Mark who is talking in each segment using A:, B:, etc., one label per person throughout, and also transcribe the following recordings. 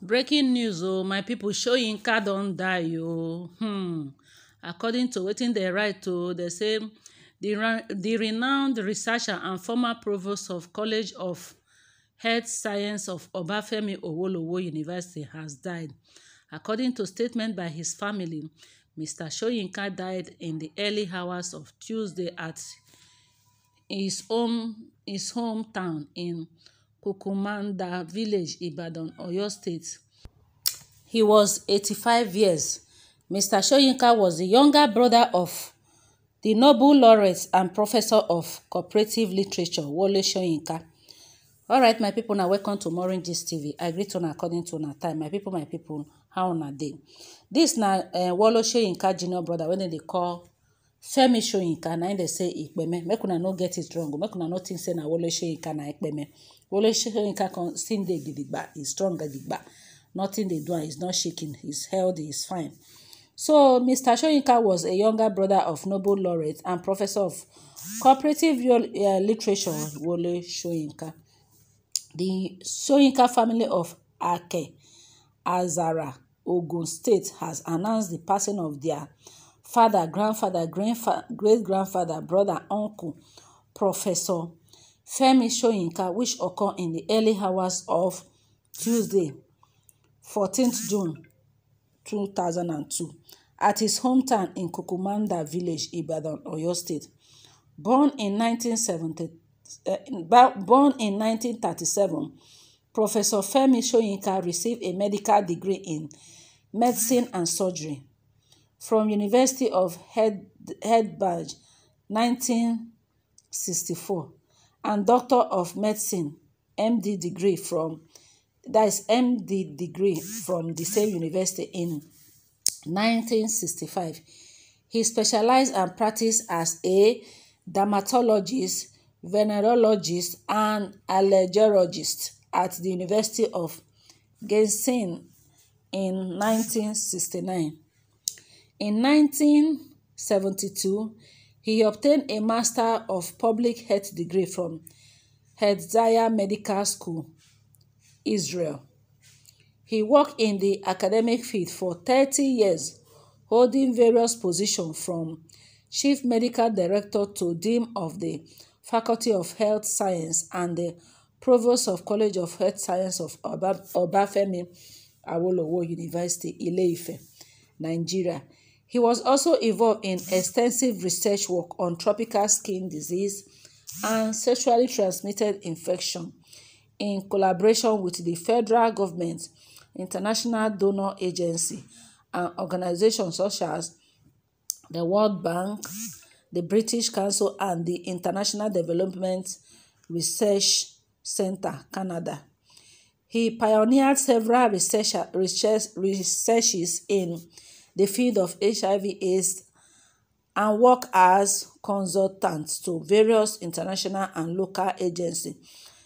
A: breaking news o oh, my people, soyinka don die o oh. hmm. according to wetin dem write o oh, dem say the, the renowned researcher and former provost of college of health science of obafemi owolowo university has died according to statement by his family mr soyinka died in the early hours of tuesday at his home his hometown in Kukumanda village, Ibadan, Oyo State. He was 85 years. Mr. Soyinka was the younger brother of the Nobel laureate and professor of cooperative literature, Wole Soyinka. All right, my people, now welcome to Maureen Gist TV. I greet una according to our time. My people, my people, how una dey? This na uh, Wole Soyinka junior brother when they call Femi Soyinka na im dey say Ipeme. Make una no get it wrong. Make una no think say na Wole Soyinka na Ipeme wọlé Soyinka kan still dey gidigba he strong gidigba nothing dey do am he's not shaking he's healthy he's fine so Mr. Soyinka was a younger brother of Nobel laureate and professor of cooperative uh, literature wole Soyinka the Soyinka family of Ake Azara Ogun State has announced the passing of their father grandfather great grandfather brother uncle Professor Femi Shoyinka, which occurred in the early hours of Tuesday, 14th June 2002, at his hometown in Kukumanda village, Ibadan, Oyo State. Born in 1970, uh, eh, born in 1937, Professor Femi Shoyinka received a medical degree in medicine and surgery from University of Head, Headbadge, 1964 and Doctor of Medicine MD degree from that is MD degree from the same university in 1965. He specialized and practiced as a dermatologist, venereologist, and allergologist at the University of Gensing in 1969. In 1972, He obtained a Master of Public Health degree from Herzliya Medical School, Israel. He worked in the academic field for 30 years, holding various positions from Chief Medical Director to Dean of the Faculty of Health Science and the Provost of College of Health Science of Obafemi Awolowo University, Ile-Ife, Nigeria. He was also involved in extensive research work on tropical skin disease and sexually transmitted infection in collaboration with the federal government, international donor agency, and organizations such as the World Bank, the British Council, and the International Development Research Center, Canada. He pioneered several research, research, researches in the field of HIV AIDS and work as consultants to various international and local agencies,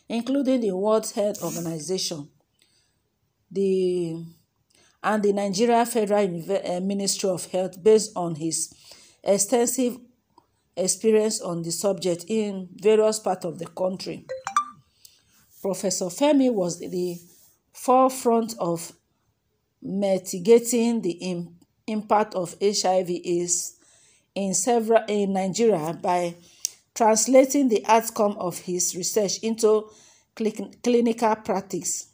A: including the World Health Organization, the and the Nigeria Federal eh, Ministry of Health based on his extensive experience on the subject in various parts of the country. Professor Femi was the forefront of mitigating the impact of HIV is in several in Nigeria by translating the outcome of his research into clinical practice.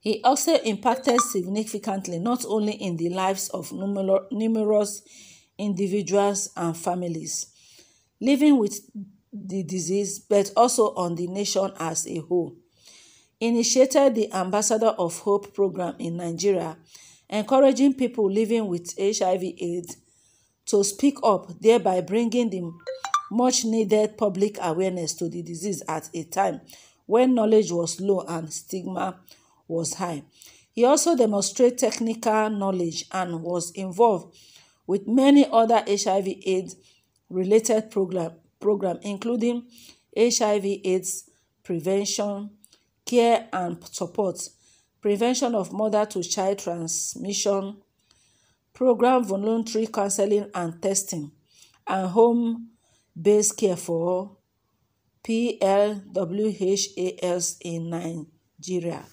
A: He also impacted significantly not only in the lives of numerous individuals and families living with the disease, but also on the nation as a whole. Initiated the Ambassador of Hope program in Nigeria encouraging pipo living with hiv aids to speak up thereby bringing di needed public awareness to di disease at a time wen knowledge was low and stigma was high. He also demonstrate technical knowledge and was involved with many oda hiv aids-related programs including hiv aids prevention care and support. prevention of mother to child transmission, program voluntary counseling and testing, and home based care for PLWHALs in Nigeria.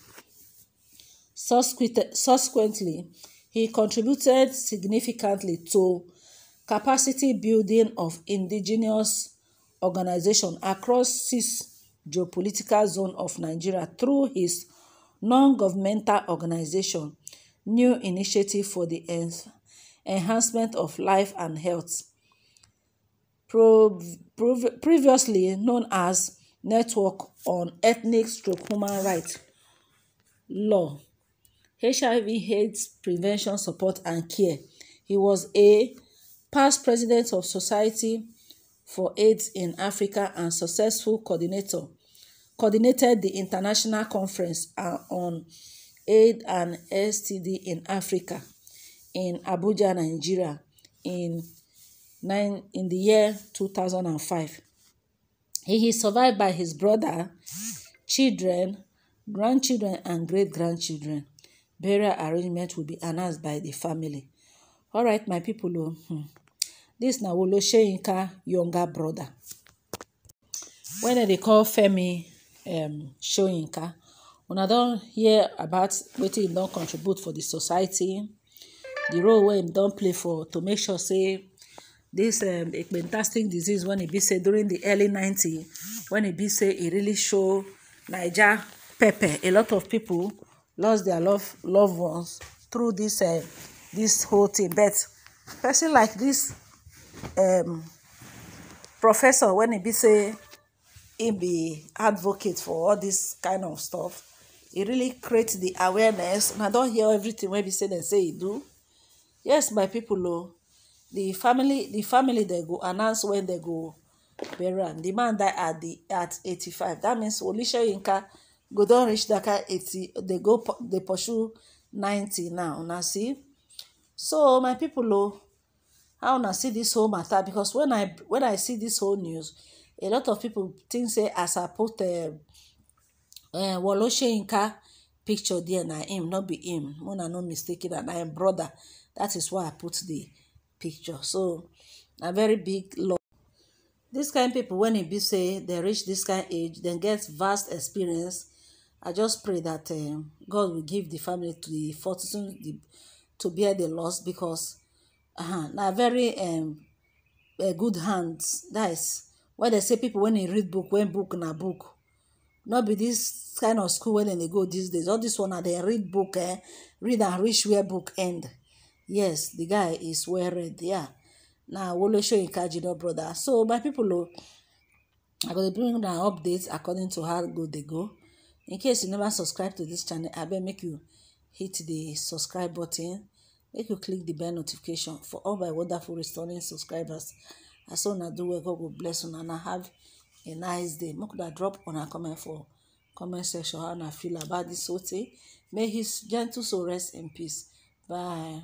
A: Subsequently, he contributed significantly to capacity building of indigenous organization across six geopolitical zones of Nigeria through his non-governmental organization new initiative for the enhancement of life and health previously known as network on ethnic stroke human rights law hiv aids prevention support and care he was a past president of society for aids in africa and successful coordinator coordinated the International Conference uh, on AIDS and STD in Africa in Abuja, Nigeria in, nine, in the year 2005. He is survived by his brother, children, grandchildren, and great grandchildren. Burial arrangement will be announced by the family. All right, my people. Oh, hmm. This na Wolo Sheyinka younger brother. When they call Femi um Soyinka. Una don hear about wetin im don contribute for di society, di role wey im don play for to make sure say dis um ekpentastic disease wen e be say during di early 90 wen e be say e really show Naija pepper. A lot of pipu lost dia love loved ones through dis um dis whole thing but person like dis um professor wen e be say him be advocate for all this kind of stuff He really create the awareness and i don hear everything wey be say dem say he do yes my people, o oh, the family the family dem go announce when dem go bury am di man die at the at eighty five. That means olusegun go don reach that daka eighty. dey go dey pursue ninety now una see so my people, o oh, how una see this whole matter because when i when i see this whole news a lot of people think say as i put um, uh, Wolo Soyinka picture there na him no be him una no mistaken na him brother that is why i put the picture so na very big love this kind of people when e be say dem reach this kind age dem get vast experience i just pray that um, god will give the family to the fortune the, to bear the loss because uh -huh, na very um, uh, good hands that is wey dem say people wey dey read book when book na book no be this kind of school wey dem dey go these days all this one na dem read book eh read and reach where book end yes the guy is well read yeah na Wole no brother so my people o oh, i go dey bring una updates according to how go dey go in case you never subscribe to this channel abeg make you hit the subscribe button make you click the bell notification for all my wonderful restoring subscribers i so una do well god go bless una i have a nice day make una drop una comment for comment section how una feel about dis whole thing. may his gentle soul rest in peace bye.